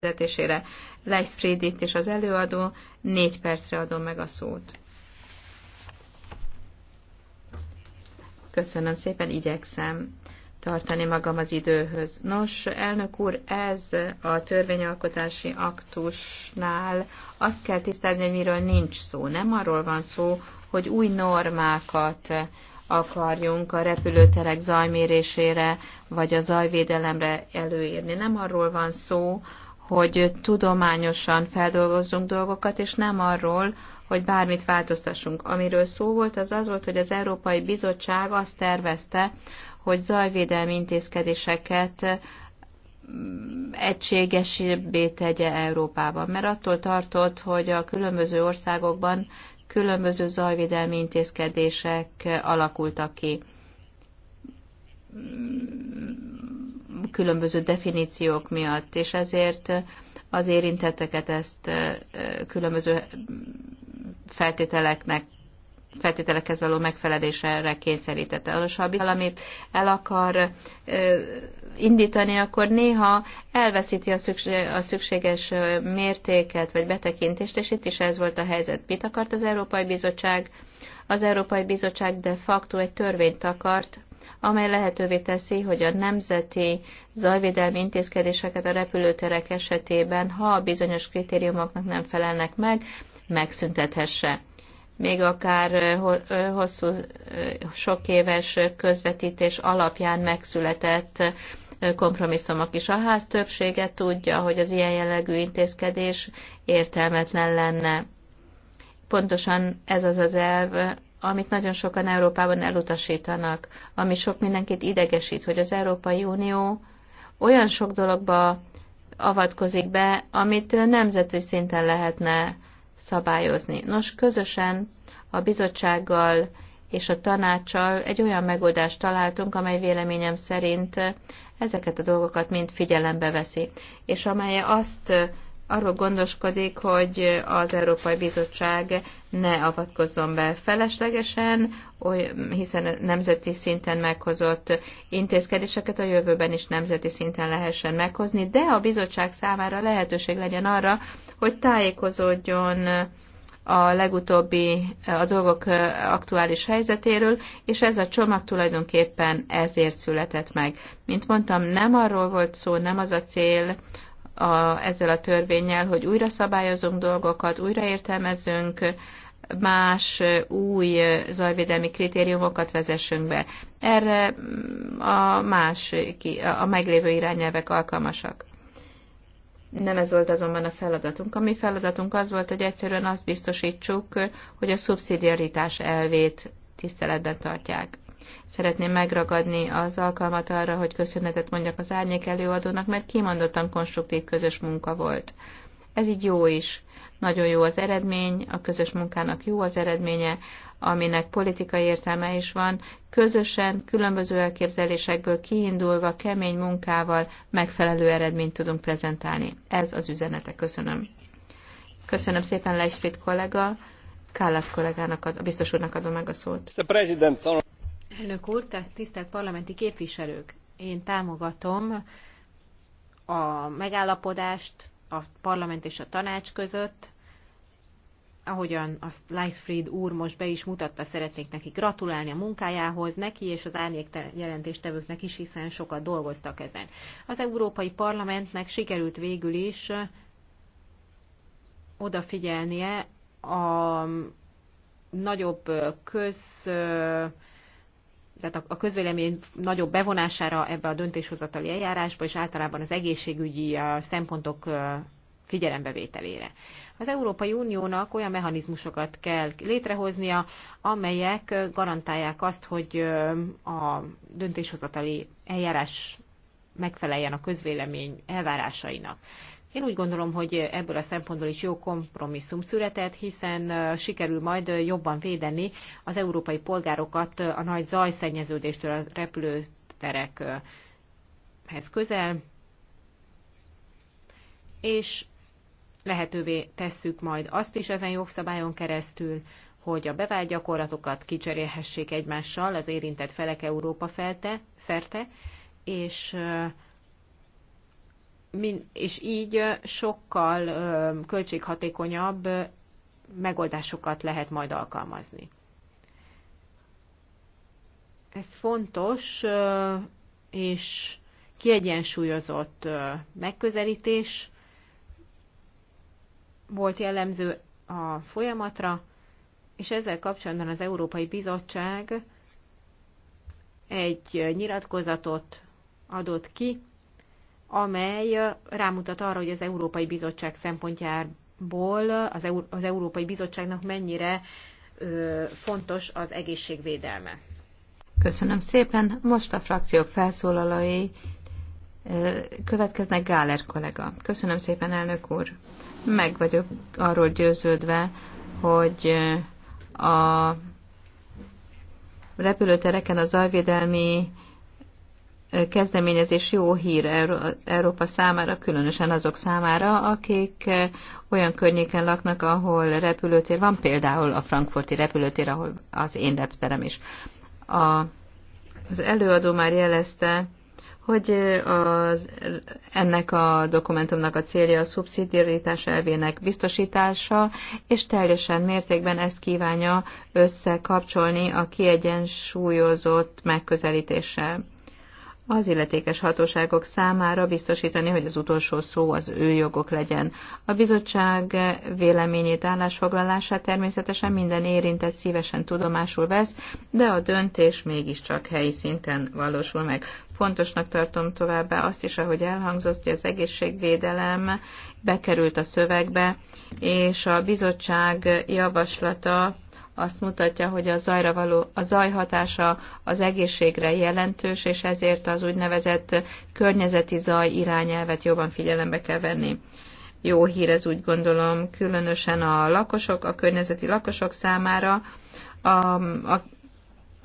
vezetésére. Leif Frédit és az előadó, négy percre adom meg a szót. Köszönöm szépen, igyekszem tartani magam az időhöz. Nos, elnök úr, ez a törvényalkotási aktusnál azt kell tisztelni, hogy miről nincs szó. Nem arról van szó, hogy új normákat akarjunk a repülőterek zajmérésére vagy a zajvédelemre előírni. Nem arról van szó, hogy tudományosan feldolgozzunk dolgokat, és nem arról, hogy bármit változtassunk. Amiről szó volt, az az volt, hogy az Európai Bizottság azt tervezte, hogy zajvédelmi intézkedéseket mm, egységesebbé tegye Európában, mert attól tartott, hogy a különböző országokban különböző zajvédelmi intézkedések alakultak ki különböző definíciók miatt, és ezért az érintetteket ezt különböző feltételeknek feltételekhez való megfelelésre kényszerítette. Az, ha valamit el akar indítani, akkor néha elveszíti a, szükség, a szükséges mértéket vagy betekintést, és itt is ez volt a helyzet. Mit akart az Európai Bizottság? Az Európai Bizottság de facto egy törvényt akart, amely lehetővé teszi, hogy a nemzeti zajvédelmi intézkedéseket a repülőterek esetében, ha a bizonyos kritériumoknak nem felelnek meg, megszüntethesse. Még akár hosszú, sok éves közvetítés alapján megszületett kompromisszumok is. A ház többsége tudja, hogy az ilyen jellegű intézkedés értelmetlen lenne. Pontosan ez az az elv, amit nagyon sokan Európában elutasítanak, ami sok mindenkit idegesít, hogy az Európai Unió olyan sok dologba avatkozik be, amit nemzeti szinten lehetne szabályozni. Nos, közösen a bizottsággal és a tanácssal egy olyan megoldást találtunk, amely véleményem szerint ezeket a dolgokat mind figyelembe veszi, és amely azt arról gondoskodik, hogy az Európai Bizottság ne avatkozzon be feleslegesen, hiszen nemzeti szinten meghozott intézkedéseket a jövőben is nemzeti szinten lehessen meghozni, de a bizottság számára lehetőség legyen arra, hogy tájékozódjon a legutóbbi a dolgok aktuális helyzetéről, és ez a csomag tulajdonképpen ezért született meg. Mint mondtam, nem arról volt szó, nem az a cél, a, ezzel a törvényel, hogy újra szabályozunk dolgokat, újra értelmezünk, más új zajvédelmi kritériumokat vezessünk be. Erre mm, a más, a meglévő irányelvek alkalmasak. Nem ez volt azonban a feladatunk. A mi feladatunk az volt, hogy egyszerűen azt biztosítsuk, hogy a szubszidiaritás elvét tiszteletben tartják. Szeretném megragadni az alkalmat arra, hogy köszönetet mondjak az árnyék előadónak, mert kimondottan konstruktív közös munka volt. Ez így jó is. Nagyon jó az eredmény, a közös munkának jó az eredménye, aminek politikai értelme is van, közösen, különböző elképzelésekből kiindulva, kemény munkával megfelelő eredményt tudunk prezentálni. Ez az üzenete. Köszönöm. Köszönöm szépen Leisfried kollega, Kállász kollégának, a biztos úrnak adom meg a szót. Elnök úr, tisztelt parlamenti képviselők, én támogatom a megállapodást a parlament és a tanács között, ahogyan azt Lightfried úr most be is mutatta, szeretnék neki gratulálni a munkájához, neki és az árnyék jelentéstevőknek is, hiszen sokat dolgoztak ezen. Az Európai Parlamentnek sikerült végül is odafigyelnie a nagyobb köz tehát a, a közvélemény nagyobb bevonására ebbe a döntéshozatali eljárásba, és általában az egészségügyi szempontok figyelembevételére. Az Európai Uniónak olyan mechanizmusokat kell létrehoznia, amelyek garantálják azt, hogy a döntéshozatali eljárás megfeleljen a közvélemény elvárásainak. Én úgy gondolom, hogy ebből a szempontból is jó kompromisszum született, hiszen sikerül majd jobban védeni az európai polgárokat a nagy zajszennyeződéstől a repülőterekhez közel, és lehetővé tesszük majd azt is ezen jogszabályon keresztül, hogy a bevált gyakorlatokat kicserélhessék egymással az érintett felek Európa felte, szerte, és és így sokkal költséghatékonyabb megoldásokat lehet majd alkalmazni. Ez fontos és kiegyensúlyozott megközelítés volt jellemző a folyamatra, és ezzel kapcsolatban az Európai Bizottság egy nyilatkozatot adott ki, amely rámutat arra, hogy az Európai Bizottság szempontjából az, Euró- az Európai Bizottságnak mennyire ö, fontos az egészségvédelme. Köszönöm szépen. Most a frakciók felszólalói következnek Gáler kollega. Köszönöm szépen, elnök úr. Meg vagyok arról győződve, hogy a repülőtereken a zajvédelmi kezdeményezés jó hír Európa számára, különösen azok számára, akik eh, olyan környéken laknak, ahol repülőtér van, például a frankfurti repülőtér, ahol az én repterem is. A, az előadó már jelezte, hogy eh, az, ennek a dokumentumnak a célja a szubszidiaritás elvének biztosítása, és teljesen mértékben ezt kívánja összekapcsolni a kiegyensúlyozott megközelítéssel az illetékes hatóságok számára biztosítani, hogy az utolsó szó az ő jogok legyen. A bizottság véleményét, állásfoglalását természetesen minden érintett szívesen tudomásul vesz, de a döntés mégiscsak helyi szinten valósul meg. Fontosnak tartom továbbá azt is, ahogy elhangzott, hogy az egészségvédelem bekerült a szövegbe, és a bizottság javaslata azt mutatja, hogy a, zajra való, a zaj hatása az egészségre jelentős, és ezért az úgynevezett környezeti zaj irányelvet jobban figyelembe kell venni. Jó hír ez úgy gondolom, különösen a lakosok, a környezeti lakosok számára, a, a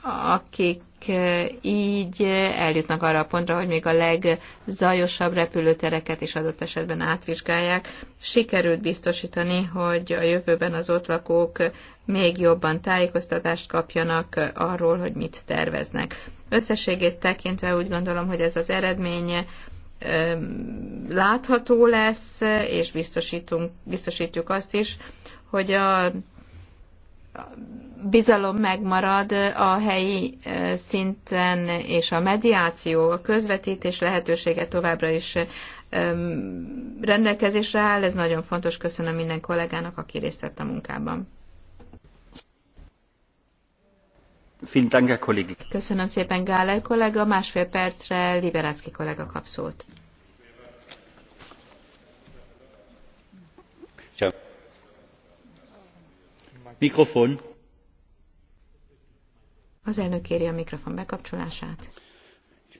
akik eh, így eh, eljutnak arra a pontra, hogy még a legzajosabb repülőtereket is adott esetben átvizsgálják. Sikerült biztosítani, hogy a jövőben az ott lakók még jobban tájékoztatást kapjanak eh, arról, hogy mit terveznek. Összességét tekintve úgy gondolom, hogy ez az eredmény látható lesz, és biztosítunk, biztosítjuk azt is, hogy a bizalom megmarad a helyi szinten, és a mediáció, a közvetítés lehetősége továbbra is rendelkezésre áll. Ez nagyon fontos. Köszönöm minden kollégának, aki részt vett a munkában. Köszönöm szépen, Gáler kollega. Másfél percre Liberácki kollega kap szót. Mikrofon. Az elnök kéri a mikrofon bekapcsolását.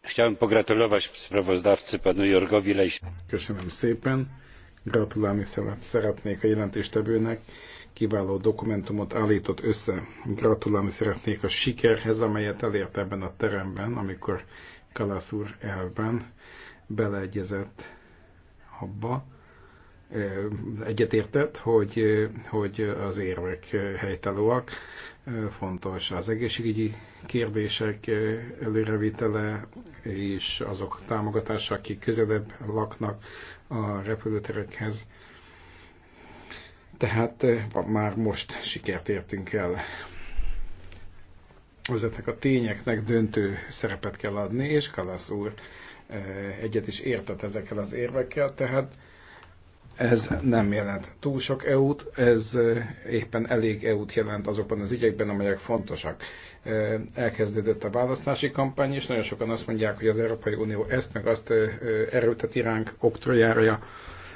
Chciałem pogratulować sprawozdawcy panu Jorgowi Leś. Köszönöm szépen. Gratulálni szeretnék a jelentéstevőnek. Kiváló dokumentumot állított össze. Gratulálni szeretnék a sikerhez, amelyet elért ebben a teremben, amikor Kalasz úr elben beleegyezett abba, egyetértett, hogy, hogy az érvek helytelóak, fontos az egészségügyi kérdések előrevitele és azok támogatása, akik közelebb laknak a repülőterekhez. Tehát már most sikert értünk el. Ezeknek a tényeknek döntő szerepet kell adni, és Kalasz úr egyet is értett ezekkel az érvekkel, tehát ez nem jelent túl sok EU-t, ez éppen elég EU-t jelent azokban az ügyekben, amelyek fontosak. Elkezdődött a választási kampány, és nagyon sokan azt mondják, hogy az Európai Unió ezt meg azt erőteti ránk, oktrojárja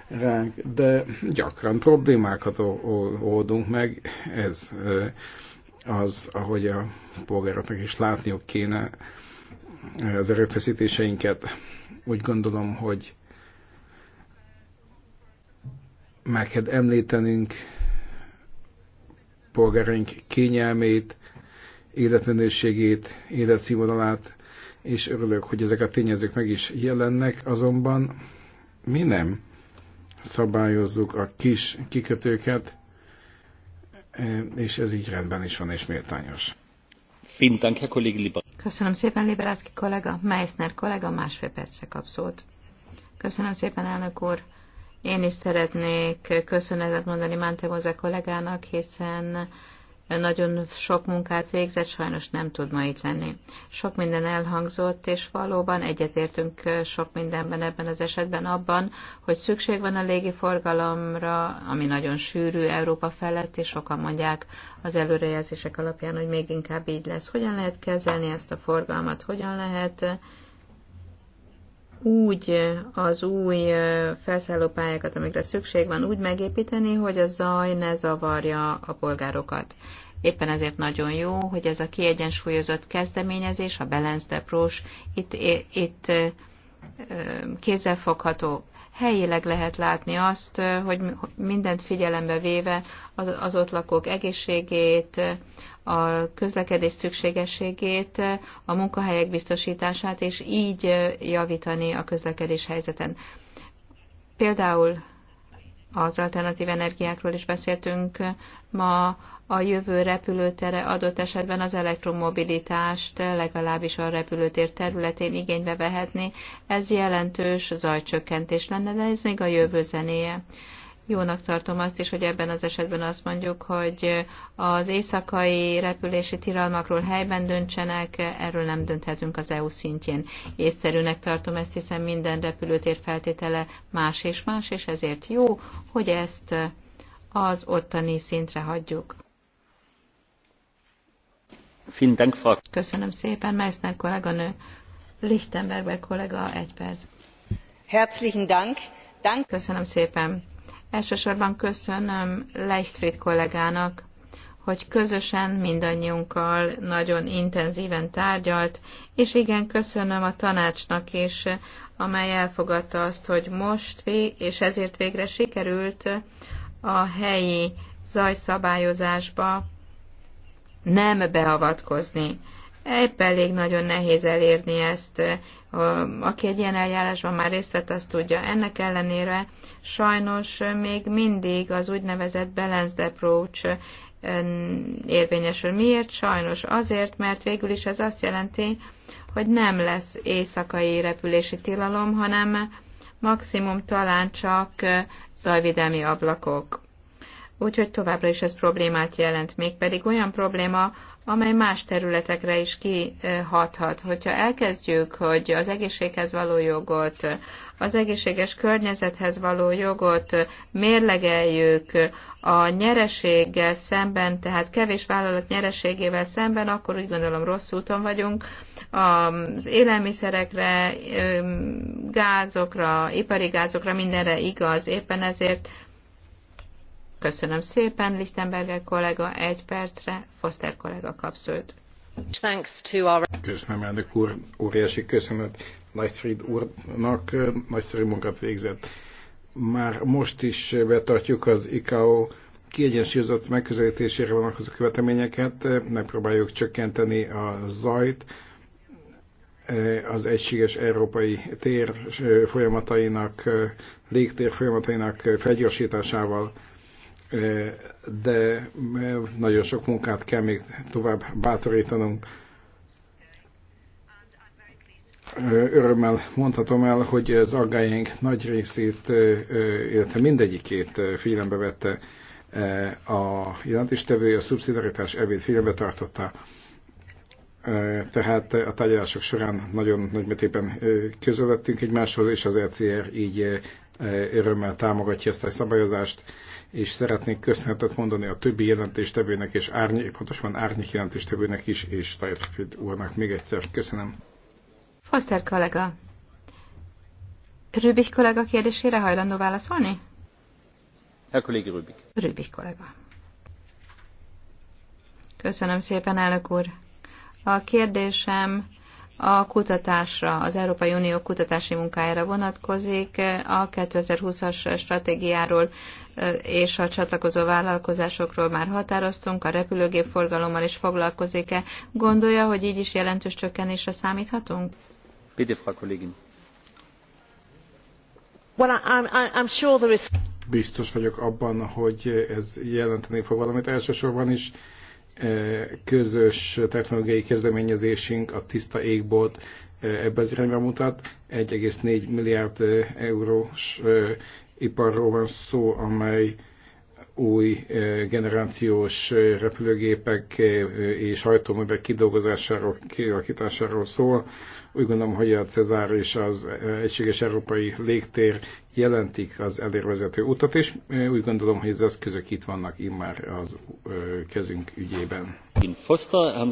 ránk, de gyakran problémákat oldunk meg, ez az, ahogy a polgároknak is látniuk kéne az erőfeszítéseinket. Úgy gondolom, hogy meg kell említenünk polgáraink kényelmét, életminőségét, életszínvonalát, és örülök, hogy ezek a tényezők meg is jelennek, azonban mi nem szabályozzuk a kis kikötőket, és ez így rendben is van és méltányos. Köszönöm szépen, Liberászki kollega, Meissner kollega, másfél percre kap szót. Köszönöm szépen, elnök úr. Én is szeretnék köszönetet mondani Mántemoze kollégának, hiszen nagyon sok munkát végzett, sajnos nem tud ma itt lenni. Sok minden elhangzott, és valóban egyetértünk sok mindenben ebben az esetben abban, hogy szükség van a légiforgalomra, ami nagyon sűrű Európa felett, és sokan mondják az előrejelzések alapján, hogy még inkább így lesz. Hogyan lehet kezelni ezt a forgalmat, hogyan lehet úgy az új felszállópályákat, amikre szükség van, úgy megépíteni, hogy a zaj ne zavarja a polgárokat. Éppen ezért nagyon jó, hogy ez a kiegyensúlyozott kezdeményezés, a Balanced Approach itt, itt kézzelfogható. Helyileg lehet látni azt, hogy mindent figyelembe véve az ott lakók egészségét, a közlekedés szükségességét, a munkahelyek biztosítását, és így javítani a közlekedés helyzeten. Például az alternatív energiákról is beszéltünk ma, a jövő repülőtere adott esetben az elektromobilitást legalábbis a repülőtér területén igénybe vehetni. Ez jelentős zajcsökkentés lenne, de ez még a jövő zenéje. Jónak tartom azt is, hogy ebben az esetben azt mondjuk, hogy az éjszakai repülési tilalmakról helyben döntsenek, erről nem dönthetünk az EU szintjén. Észszerűnek tartom ezt, hiszen minden repülőtér feltétele más és más, és ezért jó, hogy ezt az ottani szintre hagyjuk. Köszönöm szépen, Meissner kolléganő. Lichtenberger kollega, egy perc. Herzlichen Dank. Dank. Köszönöm szépen. Elsősorban köszönöm Leistrit kollégának, hogy közösen mindannyiunkkal nagyon intenzíven tárgyalt, és igen, köszönöm a tanácsnak is, amely elfogadta azt, hogy most, és ezért végre sikerült a helyi zajszabályozásba nem beavatkozni épp elég nagyon nehéz elérni ezt. Aki egy ilyen eljárásban már részt vett, azt tudja. Ennek ellenére sajnos még mindig az úgynevezett balanced approach érvényesül. Miért? Sajnos azért, mert végül is ez azt jelenti, hogy nem lesz éjszakai repülési tilalom, hanem maximum talán csak zajvidelmi ablakok. Úgyhogy továbbra is ez problémát jelent, mégpedig olyan probléma, amely más területekre is kihathat. Hogyha elkezdjük, hogy az egészséghez való jogot, az egészséges környezethez való jogot mérlegeljük a nyereséggel szemben, tehát kevés vállalat nyereségével szemben, akkor úgy gondolom rossz úton vagyunk. Az élelmiszerekre, gázokra, ipari gázokra, mindenre igaz. Éppen ezért Köszönöm szépen, Lichtenberger kollega, egy percre, Foster kollega kapszult. Köszönöm, elnök úr, óriási köszönet Lightfried úrnak, nagyszerű munkát végzett. Már most is betartjuk az ICAO kiegyensúlyozott megközelítésére vonatkozó követeményeket, megpróbáljuk csökkenteni a zajt, az egységes európai tér folyamatainak, légtér folyamatainak felgyorsításával de nagyon sok munkát kell még tovább bátorítanunk. Örömmel mondhatom el, hogy az aggájaink nagy részét, illetve mindegyikét figyelembe vette a jelentéstevő, a szubszidaritás evét figyelembe tartotta. Tehát a tárgyalások során nagyon nagymetében közeledtünk egymáshoz, és az ECR így E, örömmel támogatja ezt a szabályozást, és szeretnék köszönetet mondani a többi jelentéstevőnek, és árny, pontosan árnyék jelentéstevőnek is, és Tajfrid úrnak még egyszer. Köszönöm. Foster kollega, Rübik kollega kérdésére hajlandó válaszolni? Herr kollégi Rübik. Rübik kollega. Köszönöm szépen, elnök úr. A kérdésem a kutatásra, az Európai Unió kutatási munkájára vonatkozik, a 2020-as stratégiáról és a csatlakozó vállalkozásokról már határoztunk, a repülőgép forgalommal is foglalkozik-e. Gondolja, hogy így is jelentős csökkenésre számíthatunk? Bitte, Frau Kollegin. Well, I'm, I'm sure there is... Biztos vagyok abban, hogy ez jelenteni fog valamit. Elsősorban is közös technológiai kezdeményezésünk, a Tiszta Égbolt ebbe az irányba mutat. 1,4 milliárd eurós iparról van szó, amely új generációs repülőgépek és hajtóművek kidolgozásáról, kialakításáról szól. Úgy gondolom, hogy a Cezár és az e, Egységes Európai Légtér jelentik az elérvezető utat, és e, úgy gondolom, hogy az eszközök itt vannak immár az e, kezünk ügyében.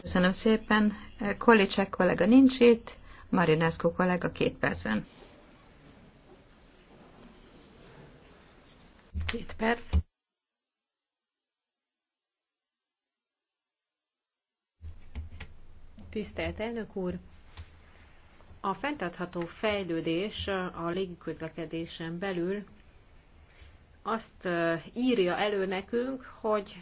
Köszönöm szépen. Kolicek kollega nincs itt, Marinescu kollega két percben. Két perc. Tisztelt elnök úr! A fenntartható fejlődés a légiközlekedésen belül azt írja elő nekünk, hogy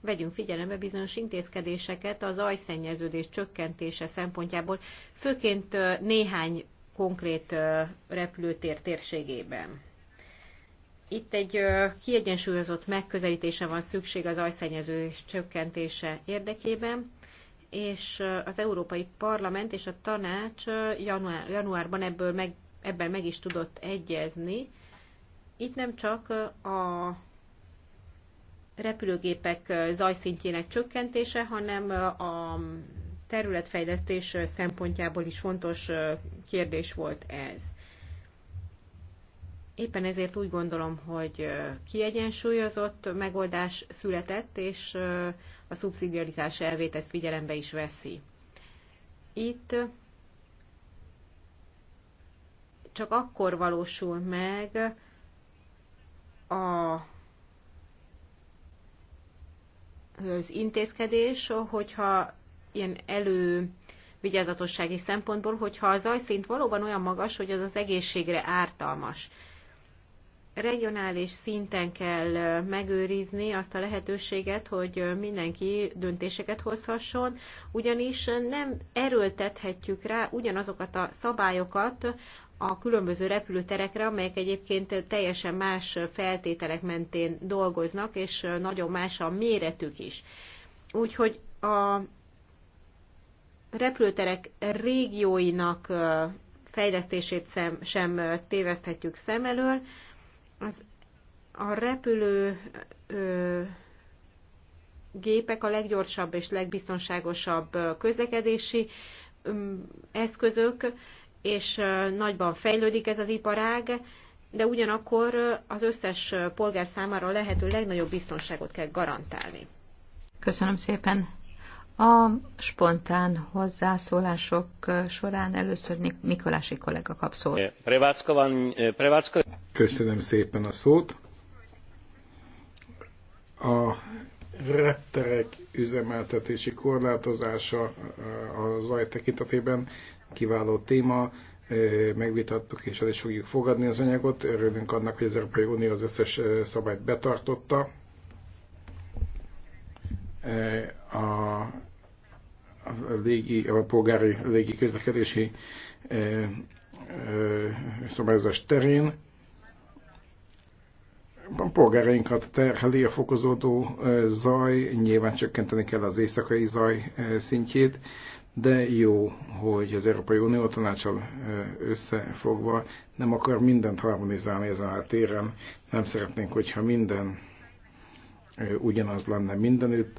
vegyünk figyelembe bizonyos intézkedéseket az ajszennyeződés csökkentése szempontjából, főként néhány konkrét repülőtér térségében. Itt egy kiegyensúlyozott megközelítése van szükség az ajszennyeződés csökkentése érdekében, és az Európai Parlament és a Tanács január, januárban ebből meg, ebben meg is tudott egyezni. Itt nem csak a repülőgépek zajszintjének csökkentése, hanem a területfejlesztés szempontjából is fontos kérdés volt ez. Éppen ezért úgy gondolom, hogy kiegyensúlyozott megoldás született, és a szubszidiaritás elvét ezt figyelembe is veszi. Itt csak akkor valósul meg a az intézkedés, hogyha ilyen elő vigyázatossági szempontból, hogyha a zajszint valóban olyan magas, hogy az az egészségre ártalmas regionális szinten kell megőrizni azt a lehetőséget, hogy mindenki döntéseket hozhasson, ugyanis nem erőltethetjük rá ugyanazokat a szabályokat a különböző repülőterekre, amelyek egyébként teljesen más feltételek mentén dolgoznak, és nagyon más a méretük is. Úgyhogy a repülőterek régióinak fejlesztését sem, sem téveszthetjük szem elől, az, a repülő ö, gépek a leggyorsabb és legbiztonságosabb közlekedési eszközök, és nagyban fejlődik ez az iparág, de ugyanakkor az összes polgár számára a lehető legnagyobb biztonságot kell garantálni. Köszönöm szépen. A spontán hozzászólások során először Mikolási kollega kap szót. Köszönöm szépen a szót. A repterek üzemeltetési korlátozása a zaj tekintetében kiváló téma, megvitattuk és el is fogjuk fogadni az anyagot. Örülünk annak, hogy az Európai Unió az összes szabályt betartotta, a, a, légi, a polgári légi közlekedési e, e, szabályozás terén. A polgárainkat terheli a fokozódó e, zaj, nyilván csökkenteni kell az éjszakai zaj szintjét, de jó, hogy az Európai Unió tanácsal összefogva nem akar mindent harmonizálni ezen a téren. Nem szeretnénk, hogyha minden ugyanaz lenne mindenütt.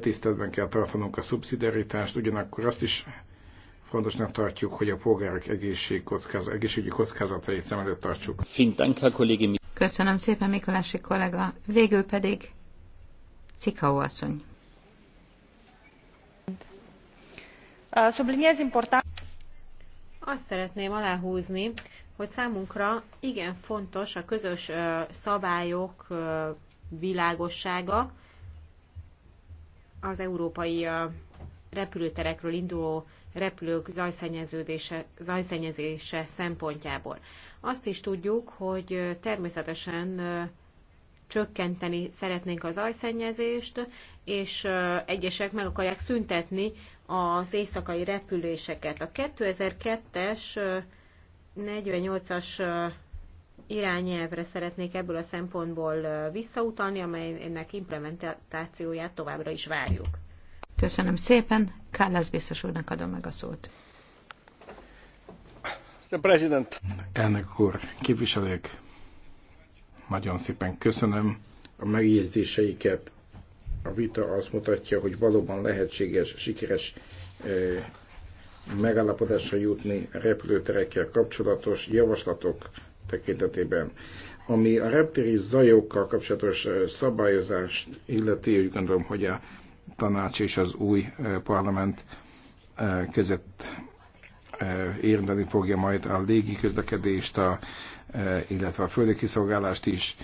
Tiszteletben kell tartanunk a szubszidiaritást, ugyanakkor azt is fontosnak tartjuk, hogy a polgárok egészség kockáz, egészségügyi kockázatait szem előtt tartsuk. Köszönöm szépen, Mikolási kollega. Végül pedig Cikau asszony. Azt szeretném aláhúzni, hogy számunkra igen fontos a közös szabályok világossága az európai repülőterekről induló repülők zajszennyeződése, zajszennyezése szempontjából. Azt is tudjuk, hogy természetesen csökkenteni szeretnénk az zajszennyezést, és egyesek meg akarják szüntetni az éjszakai repüléseket. A 2002-es 48-as irányelvre szeretnék ebből a szempontból visszautalni, amelynek implementációját továbbra is várjuk. Köszönöm szépen. Kállász biztos úrnak adom meg a szót. The President. Elnök úr, képviselők, nagyon szépen köszönöm a megjegyzéseiket. A vita azt mutatja, hogy valóban lehetséges, sikeres megállapodásra jutni repülőterekkel kapcsolatos javaslatok tekintetében. Ami a reptéri zajokkal kapcsolatos szabályozást illeti, úgy gondolom, hogy a tanács és az új parlament között érdeni fogja majd a légi közlekedést, a, illetve a földi kiszolgálást is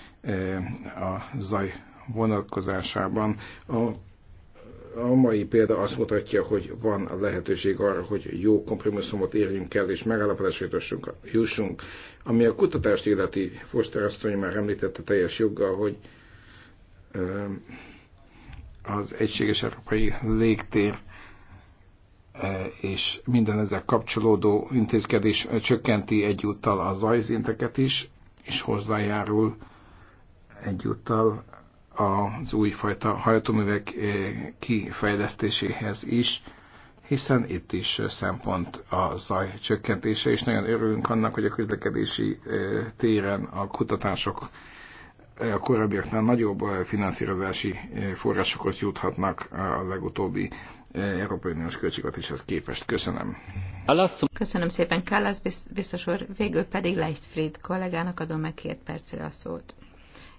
a zaj vonatkozásában. A a mai példa azt mutatja, hogy van lehetőség arra, hogy jó kompromisszumot érjünk el, és megállapodásra jussunk. Ami a kutatást illeti, Foster asszony már említette teljes joggal, hogy az egységes európai légtér és minden ezzel kapcsolódó intézkedés csökkenti egyúttal a zajzinteket is, és hozzájárul egyúttal az újfajta hajtóművek eh, kifejlesztéséhez is, hiszen itt is eh, szempont a zaj csökkentése, és nagyon örülünk annak, hogy a közlekedési eh, téren a kutatások a korábbiaknál nagyobb finanszírozási forrásokhoz juthatnak a legutóbbi Európai Uniós költségvetéshez képest. Köszönöm. Köszönöm szépen, Kállász biztos úr. Végül pedig Leichtfried kollégának adom meg két percre a szót.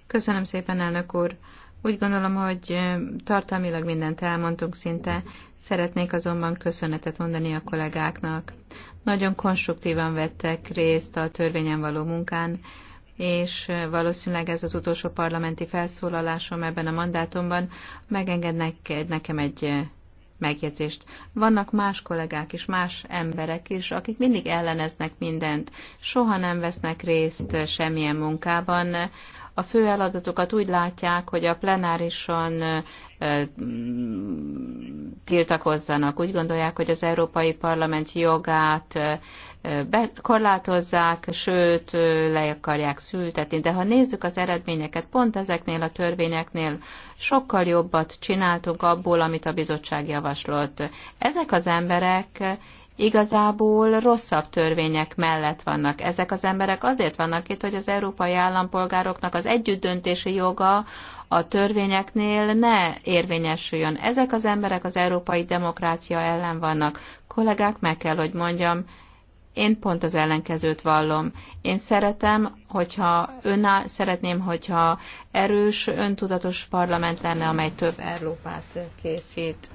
Köszönöm szépen, elnök úr. Úgy gondolom, hogy tartalmilag mindent elmondtunk szinte, szeretnék azonban köszönetet mondani a kollégáknak. Nagyon konstruktívan vettek részt a törvényen való munkán, és valószínűleg ez az utolsó parlamenti felszólalásom ebben a mandátumban. Megengednek nekem egy megjegyzést. Vannak más kollégák is, más emberek is, akik mindig elleneznek mindent, soha nem vesznek részt semmilyen munkában, a főeladatokat úgy látják, hogy a plenárison tiltakozzanak. Úgy gondolják, hogy az Európai Parlament jogát korlátozzák, sőt, le akarják szültetni. De ha nézzük az eredményeket, pont ezeknél a törvényeknél sokkal jobbat csináltunk abból, amit a bizottság javaslott. Ezek az emberek igazából rosszabb törvények mellett vannak. Ezek az emberek azért vannak itt, hogy az európai állampolgároknak az együttdöntési joga a törvényeknél ne érvényesüljön. Ezek az emberek az európai demokrácia ellen vannak. Kollégák, meg kell, hogy mondjam, én pont az ellenkezőt vallom. Én szeretem, hogyha öná, szeretném, hogyha erős, öntudatos parlament lenne, amely több Európát készít.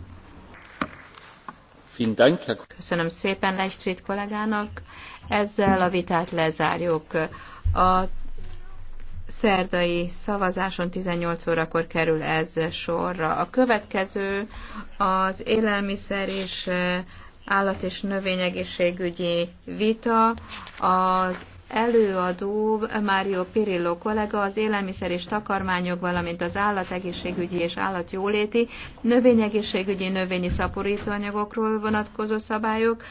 Köszönöm szépen Leistrit kollégának. Ezzel a vitát lezárjuk. A szerdai szavazáson 18 órakor kerül ez sorra. A következő az élelmiszer és eh, állat- és növényegészségügyi vita az előadó Mário Pirillo kollega az élelmiszer és takarmányok, valamint az állategészségügyi és állatjóléti, növényegészségügyi növényi szaporítóanyagokról vonatkozó szabályok,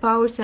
Paul